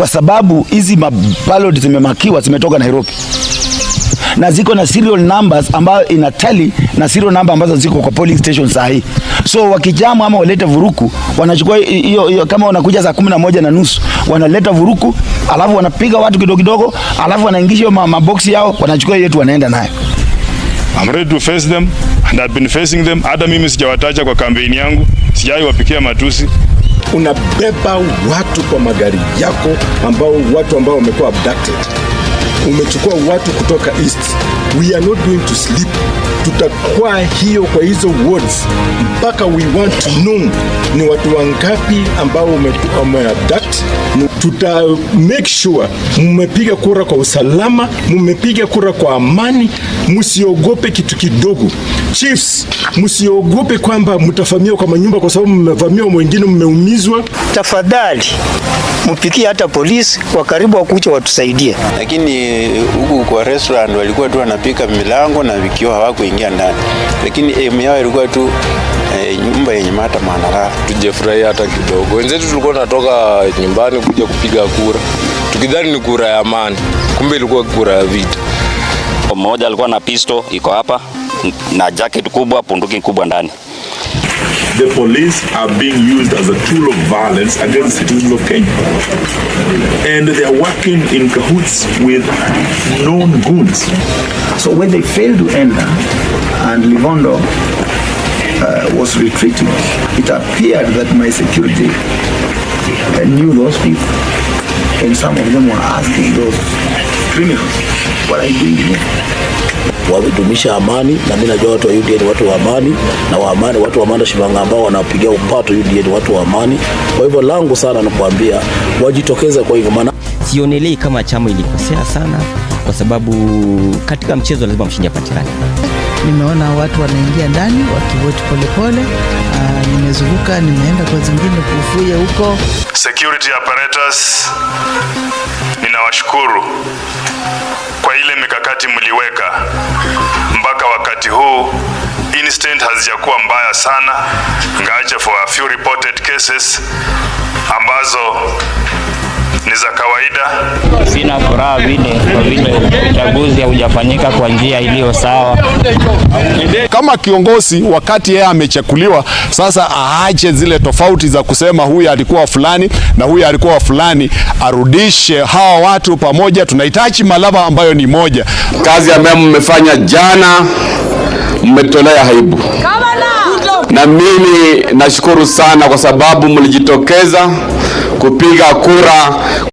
kwa sababu hizi mapilot zimemakiwa zimetoka Nairobi na ziko na serial numbers ambayo inatali na serial number ambazo ziko kwa polling station saa hii. So wakijamu ama walete vuruku, wanachukua hiyo hiyo, kama wanakuja saa kumi na moja na nusu wanaleta vuruku, alafu wanapiga watu kidogo kidogo, alafu wanaingisha hiyo maboksi yao, wanachukua yetu wanaenda nayo. I'm ready to face them and I've been facing them. Hata mimi sijawataja kwa kampeni yangu, wapikia matusi unabeba watu kwa magari yako ambao watu ambao wamekuwa abducted umechukua watu kutoka east. We are not going to sleep. Tutakuwa hiyo kwa hizo words mpaka we want to know ni watu wangapi ambao umeadapt Tuta make sure mmepiga kura kwa usalama, mumepiga kura kwa amani, musiogope kitu kidogo. Chiefs, msiogope kwamba mtafamiwa kwa manyumba, kwa sababu mmevamiwa, mwengine mmeumizwa. Tafadhali mpikie hata polisi wa karibu wakuja watusaidie, lakini huku kwa restaurant walikuwa tu wanapika milango na vikiwa hawakuingia ndani, lakini aim yao ilikuwa tu eh, nyumba yenye mata maana tujefurahia hata kidogo. Wenzetu tulikuwa tunatoka nyumbani kuja kupiga kura tukidhani ni kura ya amani, kumbe ilikuwa kura ya vita. Mmoja alikuwa na pisto iko hapa na jacket kubwa, punduki kubwa ndani. The police are being used as a tool of violence against citizens of Kenya and they are working in cahoots with known goons. So when they failed to enter and Livondo uh, was retreating, it appeared that my security uh, knew those people and some of them were asking those criminals wananchi wengine wamedumisha amani, na mimi najua watu wa UDA ni watu wa amani na wa amani, watu wa Amanda Shivanga ambao wanapigia upato UDA ni watu wa amani. Kwa hivyo langu sana ni kuambia wajitokeze. Kwa hivyo maana sionelei kama chama ilikosea sana, kwa sababu katika mchezo lazima mshindi apatikane. Nimeona watu wanaingia ndani wakivoti polepole. Ah, nimezunguka, nimeenda kwa zingine kufuye huko. Security apparatus, ninawashukuru ile mikakati mliweka mpaka wakati huu incident hazijakuwa mbaya sana ngaache for a few reported cases ambazo ni za kawaida. Sina furaha vile kwa vile uchaguzi haujafanyika kwa njia iliyo sawa. Kama kiongozi, wakati yeye amechakuliwa, sasa aache zile tofauti za kusema huyu alikuwa fulani na huyu alikuwa fulani, arudishe hawa watu pamoja. Tunahitaji Malava ambayo ni moja. Kazi ambayo mmefanya jana mmetolea haibu na mimi nashukuru sana kwa sababu mlijitokeza kupiga kura